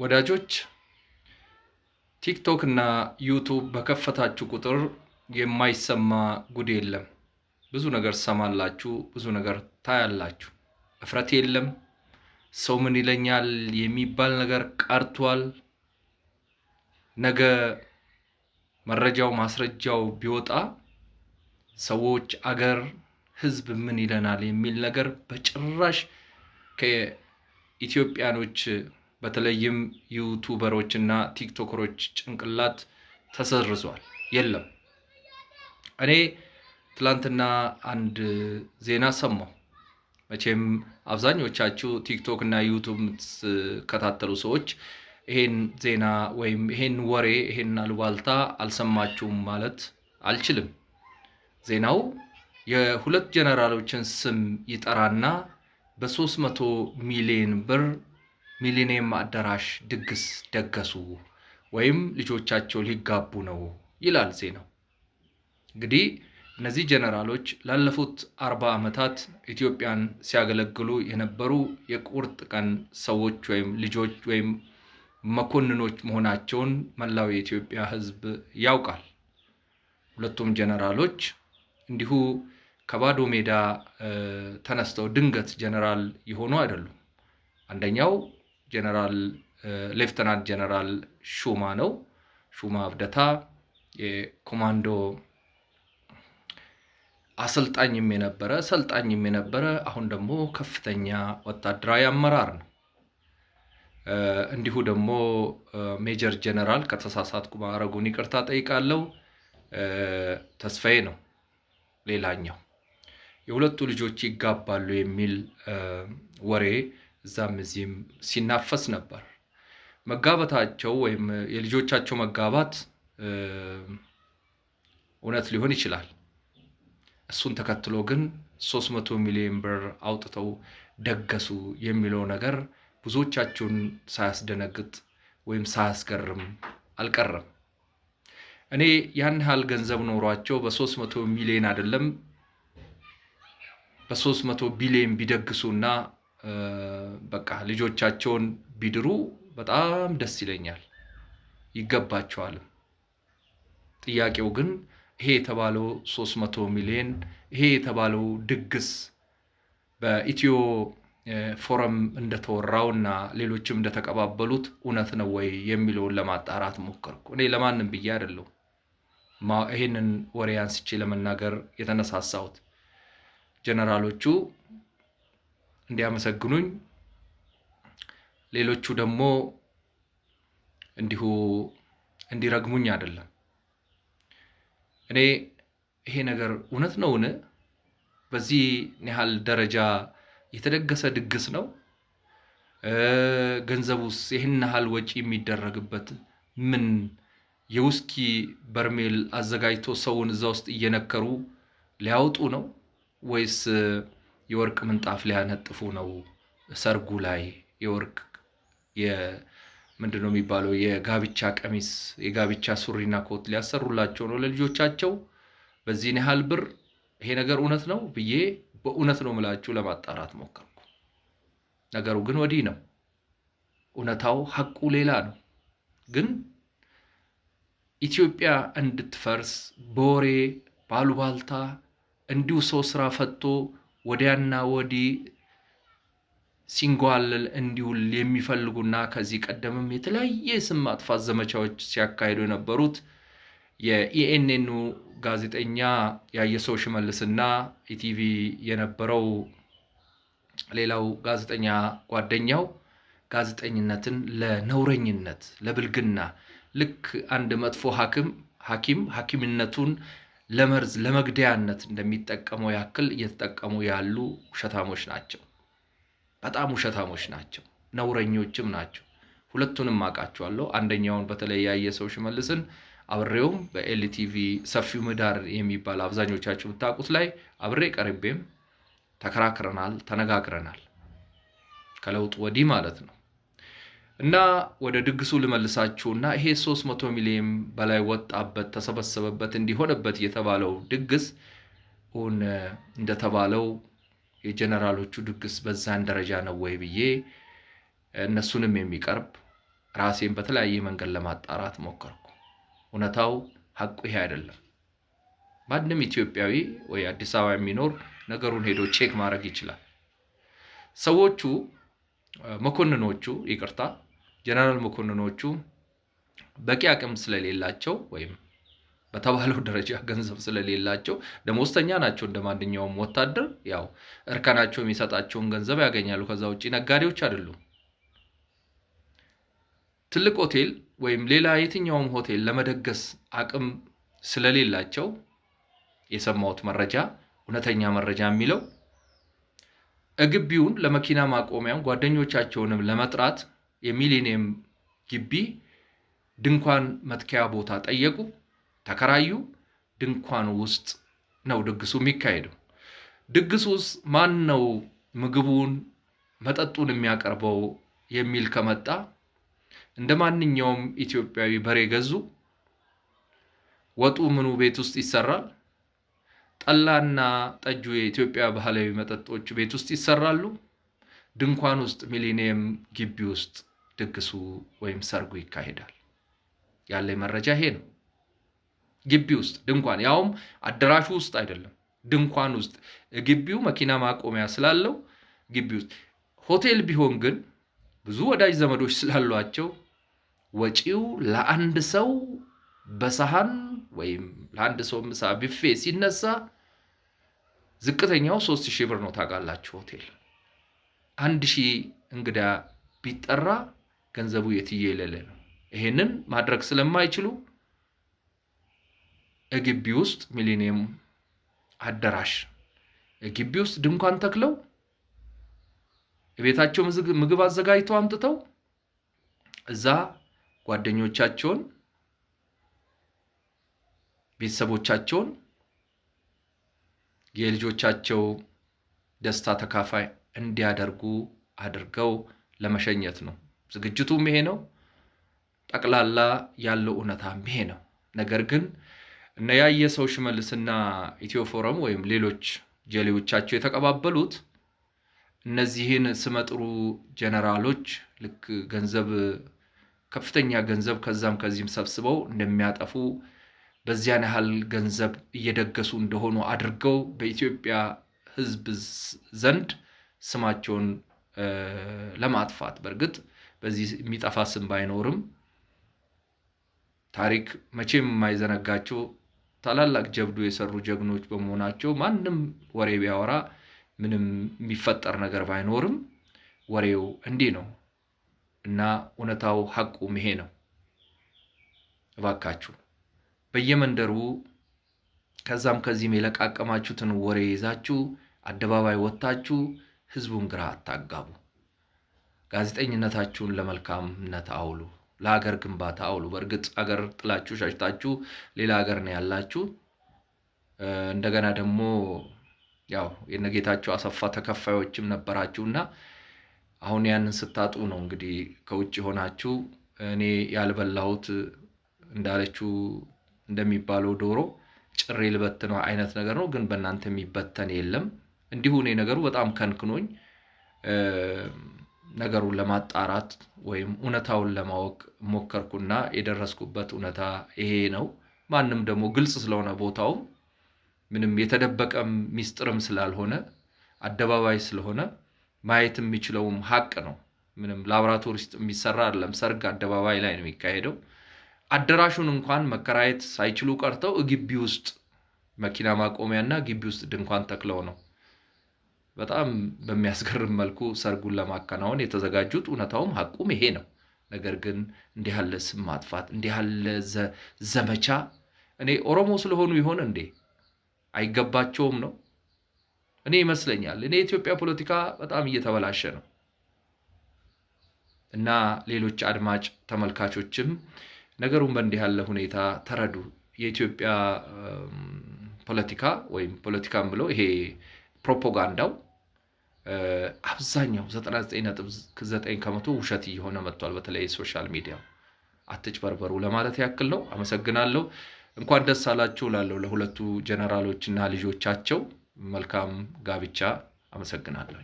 ወዳጆች ቲክቶክ እና ዩቱብ በከፈታችሁ ቁጥር የማይሰማ ጉድ የለም። ብዙ ነገር ሰማላችሁ ብዙ ነገር ታያላችሁ። እፍረት የለም። ሰው ምን ይለኛል የሚባል ነገር ቀርቷል። ነገ መረጃው ማስረጃው ቢወጣ ሰዎች፣ አገር፣ ህዝብ ምን ይለናል የሚል ነገር በጭራሽ ከኢትዮጵያኖች በተለይም ዩቱበሮች እና ቲክቶከሮች ጭንቅላት ተሰርዟል። የለም እኔ ትላንትና አንድ ዜና ሰማሁ። መቼም አብዛኞቻችሁ ቲክቶክ እና ዩቱብ የምትከታተሉ ሰዎች ይሄን ዜና ወይም ይሄን ወሬ ይሄን አልባልታ አልሰማችሁም ማለት አልችልም። ዜናው የሁለት ጀነራሎችን ስም ይጠራና በ300 ሚሊዮን ብር ሚሊኒየም አዳራሽ ድግስ ደገሱ ወይም ልጆቻቸው ሊጋቡ ነው ይላል ዜናው። እንግዲህ እነዚህ ጀነራሎች ላለፉት አርባ ዓመታት ኢትዮጵያን ሲያገለግሉ የነበሩ የቁርጥ ቀን ሰዎች ወይም ልጆች ወይም መኮንኖች መሆናቸውን መላው የኢትዮጵያ ሕዝብ ያውቃል። ሁለቱም ጀነራሎች እንዲሁ ከባዶ ሜዳ ተነስተው ድንገት ጀነራል የሆኑ አይደሉም። አንደኛው ጀነራል ሌፍተናንት ጀነራል ሹማ ነው። ሹማ አብደታ የኮማንዶ አሰልጣኝም የነበረ ሰልጣኝም የነበረ አሁን ደግሞ ከፍተኛ ወታደራዊ አመራር ነው። እንዲሁ ደግሞ ሜጀር ጀነራል ከተሳሳትኩ ማዕረጉን ይቅርታ ጠይቃለሁ። ተስፋዬ ነው ሌላኛው። የሁለቱ ልጆች ይጋባሉ የሚል ወሬ እዛም እዚህም ሲናፈስ ነበር። መጋባታቸው ወይም የልጆቻቸው መጋባት እውነት ሊሆን ይችላል። እሱን ተከትሎ ግን 300 ሚሊዮን ብር አውጥተው ደገሱ የሚለው ነገር ብዙዎቻችሁን ሳያስደነግጥ ወይም ሳያስገርም አልቀረም። እኔ ያን ያህል ገንዘብ ኖሯቸው በ300 ሚሊዮን አይደለም በ መቶ ቢሊዮን ቢደግሱና በቃ ልጆቻቸውን ቢድሩ በጣም ደስ ይለኛል፣ ይገባቸዋልም። ጥያቄው ግን ይሄ የተባለው 300 ሚሊዮን ይሄ የተባለው ድግስ በኢትዮ ፎረም እንደተወራው እና ሌሎችም እንደተቀባበሉት እውነት ነው ወይ የሚለውን ለማጣራት ሞከርኩ። እኔ ለማንም ብዬ አይደለሁ ይህንን ወሬ አንስቼ ለመናገር የተነሳሳሁት ጀነራሎቹ እንዲያመሰግኑኝ ሌሎቹ ደግሞ እንዲሁ እንዲረግሙኝ አይደለም። እኔ ይሄ ነገር እውነት ነውን? በዚህ ያህል ደረጃ የተደገሰ ድግስ ነው? ገንዘቡስ ይህን ያህል ወጪ የሚደረግበት ምን? የውስኪ በርሜል አዘጋጅቶ ሰውን እዛ ውስጥ እየነከሩ ሊያወጡ ነው ወይስ የወርቅ ምንጣፍ ሊያነጥፉ ነው ሰርጉ ላይ የወርቅ ምንድን ነው የሚባለው የጋብቻ ቀሚስ የጋብቻ ሱሪና ኮት ሊያሰሩላቸው ነው ለልጆቻቸው በዚህን ያህል ብር ይሄ ነገር እውነት ነው ብዬ በእውነት ነው ምላችሁ ለማጣራት ሞከርኩ። ነገሩ ግን ወዲህ ነው። እውነታው ሀቁ ሌላ ነው። ግን ኢትዮጵያ እንድትፈርስ በወሬ ባሉባልታ እንዲሁ ሰው ስራ ፈቶ ወዲያና ወዲህ ሲንጓል እንዲውል የሚፈልጉና ከዚህ ቀደምም የተለያየ ስም ማጥፋት ዘመቻዎች ሲያካሂዱ የነበሩት የኢኤንኤኑ ጋዜጠኛ ሰው ሽመልስና ኢቲቪ የነበረው ሌላው ጋዜጠኛ ጓደኛው ጋዜጠኝነትን ለነውረኝነት፣ ለብልግና ልክ አንድ መጥፎ ሐኪም ሐኪም ሐኪምነቱን ለመርዝ ለመግደያነት እንደሚጠቀመው ያክል እየተጠቀሙ ያሉ ውሸታሞች ናቸው። በጣም ውሸታሞች ናቸው፣ ነውረኞችም ናቸው። ሁለቱንም አውቃቸዋለሁ። አንደኛውን በተለይ ያየ ሰው ሽመልስን አብሬውም በኤልቲቪ ሰፊው ምህዳር የሚባል አብዛኞቻችሁ ብታውቁት ላይ አብሬ ቀርቤም ተከራክረናል፣ ተነጋግረናል ከለውጡ ወዲህ ማለት ነው። እና ወደ ድግሱ ልመልሳችሁ እና ይሄ 300 ሚሊዮን በላይ ወጣበት፣ ተሰበሰበበት፣ እንዲሆነበት የተባለው ድግስ እውን እንደተባለው የጀነራሎቹ ድግስ በዛን ደረጃ ነው ወይ ብዬ እነሱንም የሚቀርብ ራሴን በተለያየ መንገድ ለማጣራት ሞከርኩ። እውነታው ሀቁ ይሄ አይደለም። ማንም ኢትዮጵያዊ ወይ አዲስ አበባ የሚኖር ነገሩን ሄዶ ቼክ ማድረግ ይችላል። ሰዎቹ መኮንኖቹ ይቅርታ ጀነራል መኮንኖቹ በቂ አቅም ስለሌላቸው ወይም በተባለው ደረጃ ገንዘብ ስለሌላቸው ደሞዝተኛ ናቸው። እንደ ማንኛውም ወታደር ያው እርከናቸው የሚሰጣቸውን ገንዘብ ያገኛሉ። ከዛ ውጭ ነጋዴዎች አይደሉም። ትልቅ ሆቴል ወይም ሌላ የትኛውም ሆቴል ለመደገስ አቅም ስለሌላቸው የሰማሁት መረጃ እውነተኛ መረጃ የሚለው ግቢውን ለመኪና ማቆሚያም ጓደኞቻቸውንም ለመጥራት የሚሊኒየም ግቢ ድንኳን መትከያ ቦታ ጠየቁ፣ ተከራዩ። ድንኳን ውስጥ ነው ድግሱ የሚካሄደው። ድግሱ ውስጥ ማን ነው ምግቡን መጠጡን የሚያቀርበው የሚል ከመጣ እንደ ማንኛውም ኢትዮጵያዊ በሬ ገዙ። ወጡ ምኑ ቤት ውስጥ ይሰራል። ጠላና ጠጁ የኢትዮጵያ ባህላዊ መጠጦች ቤት ውስጥ ይሰራሉ። ድንኳን ውስጥ ሚሊኒየም ግቢ ውስጥ ድግሱ ወይም ሰርጉ ይካሄዳል። ያለ መረጃ ይሄ ነው። ግቢ ውስጥ ድንኳን፣ ያውም አዳራሹ ውስጥ አይደለም፣ ድንኳን ውስጥ ግቢው መኪና ማቆሚያ ስላለው ግቢ ውስጥ። ሆቴል ቢሆን ግን ብዙ ወዳጅ ዘመዶች ስላሏቸው ወጪው ለአንድ ሰው በሰሃን ወይም ለአንድ ሰው ምሳ ቢፌ ሲነሳ ዝቅተኛው ሶስት ሺህ ብር ነው። ታውቃላችሁ ሆቴል አንድ ሺህ እንግዳ ቢጠራ ገንዘቡ የትዬ የሌለ ነው። ይሄንን ማድረግ ስለማይችሉ እግቢ ውስጥ ሚሊኒየም አዳራሽ ግቢ ውስጥ ድንኳን ተክለው ቤታቸው ምግብ አዘጋጅተው አምጥተው እዛ ጓደኞቻቸውን ቤተሰቦቻቸውን የልጆቻቸው ደስታ ተካፋይ እንዲያደርጉ አድርገው ለመሸኘት ነው። ዝግጅቱም ይሄ ነው። ጠቅላላ ያለው እውነታም ይሄ ነው። ነገር ግን እነ ያየ ሰው ሽመልስና ኢትዮ ፎረም ወይም ሌሎች ጀሌዎቻቸው የተቀባበሉት እነዚህን ስመጥሩ ጀነራሎች ልክ ገንዘብ ከፍተኛ ገንዘብ ከዛም ከዚህም ሰብስበው እንደሚያጠፉ በዚያን ያህል ገንዘብ እየደገሱ እንደሆኑ አድርገው በኢትዮጵያ ሕዝብ ዘንድ ስማቸውን ለማጥፋት በእርግጥ በዚህ የሚጠፋ ስም ባይኖርም ታሪክ መቼም የማይዘነጋቸው ታላላቅ ጀብዱ የሰሩ ጀግኖች በመሆናቸው ማንም ወሬ ቢያወራ ምንም የሚፈጠር ነገር ባይኖርም ወሬው እንዲህ ነው እና እውነታው ሐቁ ይሄ ነው። እባካችሁ በየመንደሩ ከዛም ከዚህም የለቃቀማችሁትን ወሬ ይዛችሁ አደባባይ ወጥታችሁ ህዝቡን ግራ አታጋቡ። ጋዜጠኝነታችሁን ለመልካምነት አውሉ፣ ለሀገር ግንባታ አውሉ። በእርግጥ ሀገር ጥላችሁ ሸሽታችሁ ሌላ ሀገር ነው ያላችሁ። እንደገና ደግሞ ያው የነጌታቸው አሰፋ ተከፋዮችም ነበራችሁ እና አሁን ያንን ስታጡ ነው እንግዲህ ከውጭ ሆናችሁ እኔ ያልበላሁት እንዳለችው እንደሚባለው ዶሮ ጭሬ ልበትነው አይነት ነገር ነው። ግን በእናንተ የሚበተን የለም። እንዲሁ እኔ ነገሩ በጣም ከንክኖኝ ነገሩን ለማጣራት ወይም እውነታውን ለማወቅ ሞከርኩና የደረስኩበት እውነታ ይሄ ነው። ማንም ደግሞ ግልጽ ስለሆነ ቦታውም ምንም የተደበቀም ሚስጥርም ስላልሆነ አደባባይ ስለሆነ ማየት የሚችለውም ሀቅ ነው። ምንም ላብራቶሪ ውስጥ የሚሰራ አይደለም። ሰርግ አደባባይ ላይ ነው የሚካሄደው። አዳራሹን እንኳን መከራየት ሳይችሉ ቀርተው ግቢ ውስጥ መኪና ማቆሚያና ግቢ ውስጥ ድንኳን ተክለው ነው በጣም በሚያስገርም መልኩ ሰርጉን ለማከናወን የተዘጋጁት እውነታውም ሀቁም ይሄ ነው። ነገር ግን እንዲህ ያለ ስም ማጥፋት እንዲህ ያለ ዘመቻ እኔ ኦሮሞ ስለሆኑ ይሆን እንዴ? አይገባቸውም ነው እኔ ይመስለኛል። እኔ የኢትዮጵያ ፖለቲካ በጣም እየተበላሸ ነው እና ሌሎች አድማጭ ተመልካቾችም ነገሩን በእንዲህ ያለ ሁኔታ ተረዱ። የኢትዮጵያ ፖለቲካ ወይም ፖለቲካም ብለው ይሄ ፕሮፓጋንዳው አብዛኛው 99.9 ከመቶ ውሸት እየሆነ መጥቷል። በተለይ ሶሻል ሚዲያ አትጭበርበሩ ለማለት ያክል ነው። አመሰግናለሁ። እንኳን ደስ አላችሁ ላለው ለሁለቱ ጀነራሎችና ልጆቻቸው መልካም ጋብቻ። አመሰግናለሁ።